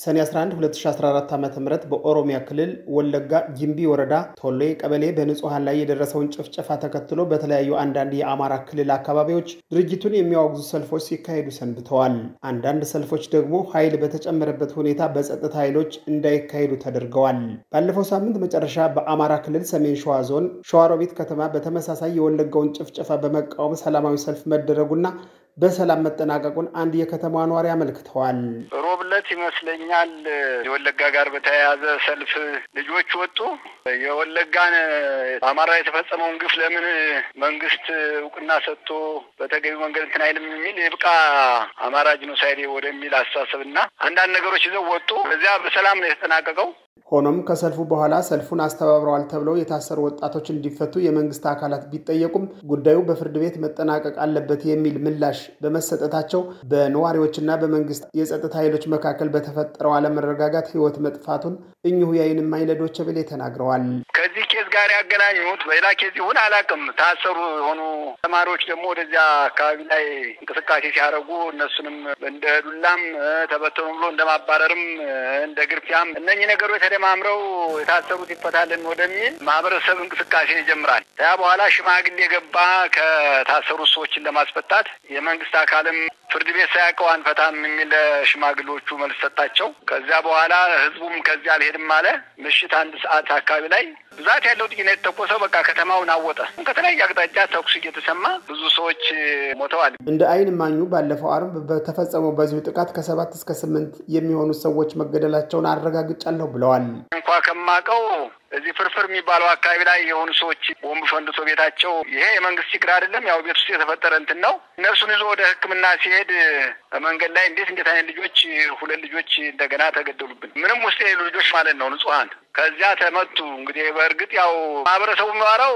ሰኔ 11 2014 ዓ ም በኦሮሚያ ክልል ወለጋ ጊምቢ ወረዳ ቶሌ ቀበሌ በንጹሐን ላይ የደረሰውን ጭፍጨፋ ተከትሎ በተለያዩ አንዳንድ የአማራ ክልል አካባቢዎች ድርጅቱን የሚያወግዙ ሰልፎች ሲካሄዱ ሰንብተዋል። አንዳንድ ሰልፎች ደግሞ ኃይል በተጨመረበት ሁኔታ በጸጥታ ኃይሎች እንዳይካሄዱ ተደርገዋል። ባለፈው ሳምንት መጨረሻ በአማራ ክልል ሰሜን ሸዋ ዞን ሸዋሮቢት ከተማ በተመሳሳይ የወለጋውን ጭፍጨፋ በመቃወም ሰላማዊ ሰልፍ መደረጉና በሰላም መጠናቀቁን አንድ የከተማ ነዋሪ አመልክተዋል። ሮብ ዕለት ይመስለኛል የወለጋ ጋር በተያያዘ ሰልፍ ልጆች ወጡ። የወለጋን አማራ የተፈጸመውን ግፍ ለምን መንግስት እውቅና ሰጥቶ በተገቢ መንገድ እንትን አይልም የሚል ይብቃ አማራ ጂኖሳይድ ወደሚል አስተሳሰብ አንዳንድ ነገሮች ይዘው ወጡ። በዚያ በሰላም ነው የተጠናቀቀው። ሆኖም ከሰልፉ በኋላ ሰልፉን አስተባብረዋል ተብለው የታሰሩ ወጣቶች እንዲፈቱ የመንግስት አካላት ቢጠየቁም ጉዳዩ በፍርድ ቤት መጠናቀቅ አለበት የሚል ምላሽ በመሰጠታቸው በነዋሪዎችና በመንግስት የጸጥታ ኃይሎች መካከል በተፈጠረው አለመረጋጋት ህይወት መጥፋቱን እኚሁ የአይን እማኝ ለዶይቼ ቬለ ተናግረዋል። ጋር ያገናኙት በሌላ ኬዝ ይሁን አላውቅም። ታሰሩ የሆኑ ተማሪዎች ደግሞ ወደዚያ አካባቢ ላይ እንቅስቃሴ ሲያደርጉ እነሱንም እንደ ዱላም ተበተኑ ብሎ እንደ ማባረርም እንደ ግርፊያም እነኚህ ነገሮች ተደማምረው የታሰሩት ይፈታልን ወደሚል ማህበረሰብ እንቅስቃሴ ይጀምራል። ያ በኋላ ሽማግሌ ገባ ከታሰሩት ሰዎችን ለማስፈታት የመንግስት አካልም ፍርድ ቤት ሳያውቀው አንፈታም የሚል ሽማግሌዎቹ መልስ ሰጣቸው። ከዚያ በኋላ ህዝቡም ከዚያ አልሄድም አለ። ምሽት አንድ ሰዓት አካባቢ ላይ ብዛት ያለው ጥይት የተኮሰው በቃ ከተማውን አወጠ። ከተለያየ አቅጣጫ ተኩስ እየተሰማ ብዙ ሰዎች ሞተዋል። እንደ አይን ማኙ ባለፈው አርብ በተፈጸመው በዚሁ ጥቃት ከሰባት እስከ ስምንት የሚሆኑ ሰዎች መገደላቸውን አረጋግጫለሁ ብለዋል። እንኳ ከማቀው እዚህ ፍርፍር የሚባለው አካባቢ ላይ የሆኑ ሰዎች ቦምብ ፈንድቶ ቤታቸው ይሄ የመንግስት ችግር አይደለም፣ ያው ቤት ውስጥ የተፈጠረ እንትን ነው። እነሱን ይዞ ወደ ሕክምና ሲሄድ በመንገድ ላይ እንዴት እንዴት አይነት ልጆች ሁለት ልጆች እንደገና ተገደሉብን። ምንም ውስጥ የሌሉ ልጆች ማለት ነው ንጹሀን ከዚያ ተመቱ። እንግዲህ በእርግጥ ያው ማህበረሰቡ የሚዋራው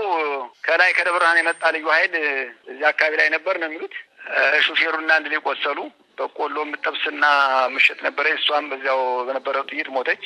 ከላይ ከደብረ ብርሃን የመጣ ልዩ ኃይል እዚህ አካባቢ ላይ ነበር ነው የሚሉት። ሹፌሩና አንድ ላይ ቆሰሉ። በቆሎ የምጠብስና ምሽት ነበረ። እሷም በዚያው በነበረው ጥይት ሞተች።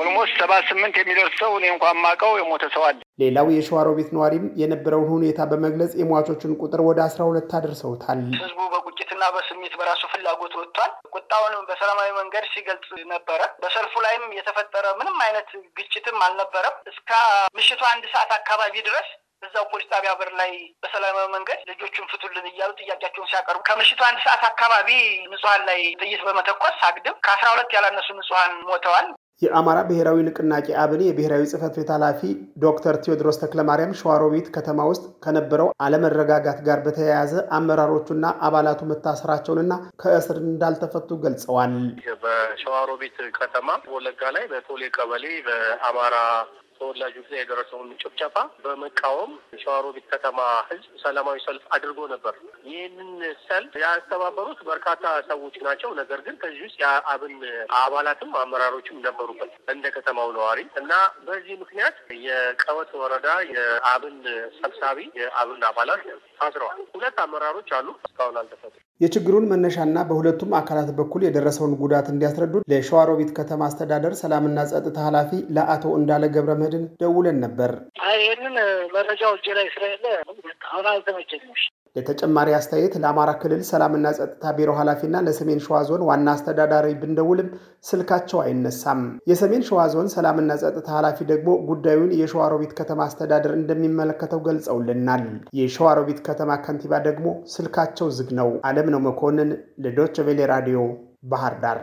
ኦልሞስት ሰባ ስምንት የሚደርስ ሰው እኔ እንኳን ማቀው የሞተ ሰው አለ። ሌላው የሸዋሮ ቤት ነዋሪም የነበረውን ሁኔታ በመግለጽ የሟቾችን ቁጥር ወደ አስራ ሁለት አድርሰውታል። ህዝቡ በቁጭትና በስሜት በራሱ ፍላጎት ወጥቷል። ቁጣውን በሰላማዊ መንገድ ሲገልጽ ነበረ። በሰልፉ ላይም የተፈጠረ ምንም አይነት ግጭትም አልነበረም። እስከ ምሽቱ አንድ ሰዓት አካባቢ ድረስ እዛው ፖሊስ ጣቢያ በር ላይ በሰላማዊ መንገድ ልጆቹን ፍቱልን እያሉ ጥያቄያቸውን ሲያቀርቡ ከምሽቱ አንድ ሰዓት አካባቢ ንጹሀን ላይ ጥይት በመተኮስ አግድም ከአስራ ሁለት ያላነሱ ንጹሀን ሞተዋል። የአማራ ብሔራዊ ንቅናቄ አብን የብሔራዊ ጽህፈት ቤት ኃላፊ ዶክተር ቴዎድሮስ ተክለማርያም ሸዋሮቢት ከተማ ውስጥ ከነበረው አለመረጋጋት ጋር በተያያዘ አመራሮቹና አባላቱ መታሰራቸውንና ከእስር እንዳልተፈቱ ገልጸዋል። በሸዋሮቢት ከተማ ወለጋ ላይ በቶሌ ቀበሌ በአማራ ተወላጁ ላይ የደረሰውን ጭፍጨፋ በመቃወም የሸዋሮቢት ከተማ ህዝብ ሰላማዊ ሰልፍ አድርጎ ነበር። ይህንን ሰልፍ ያስተባበሩት በርካታ ሰዎች ናቸው። ነገር ግን ከዚህ ውስጥ የአብን አባላትም አመራሮችም ነበሩበት እንደ ከተማው ነዋሪ እና በዚህ ምክንያት የቀወት ወረዳ የአብን ሰብሳቢ የአብን አባላት ታስረዋል። ሁለት አመራሮች አሉ እስካሁን አልተፈጥሩ የችግሩን መነሻና በሁለቱም አካላት በኩል የደረሰውን ጉዳት እንዲያስረዱ ለሸዋሮቢት ከተማ አስተዳደር ሰላምና ጸጥታ ኃላፊ ለአቶ እንዳለ ገብረ መድን ደውለን ነበር። ይህንን መረጃ እጄ ላይ ስለሌለ አሁን አልተመቸኝም። ለተጨማሪ አስተያየት ለአማራ ክልል ሰላምና ጸጥታ ቢሮ ኃላፊና ለሰሜን ሸዋ ዞን ዋና አስተዳዳሪ ብንደውልም ስልካቸው አይነሳም። የሰሜን ሸዋ ዞን ሰላምና ጸጥታ ኃላፊ ደግሞ ጉዳዩን የሸዋሮቢት ከተማ አስተዳደር እንደሚመለከተው ገልጸውልናል። የሸዋሮቢት ከተማ ከንቲባ ደግሞ ስልካቸው ዝግ ነው። አለም ነው መኮንን ለዶችቬሌ ራዲዮ ባህር ዳር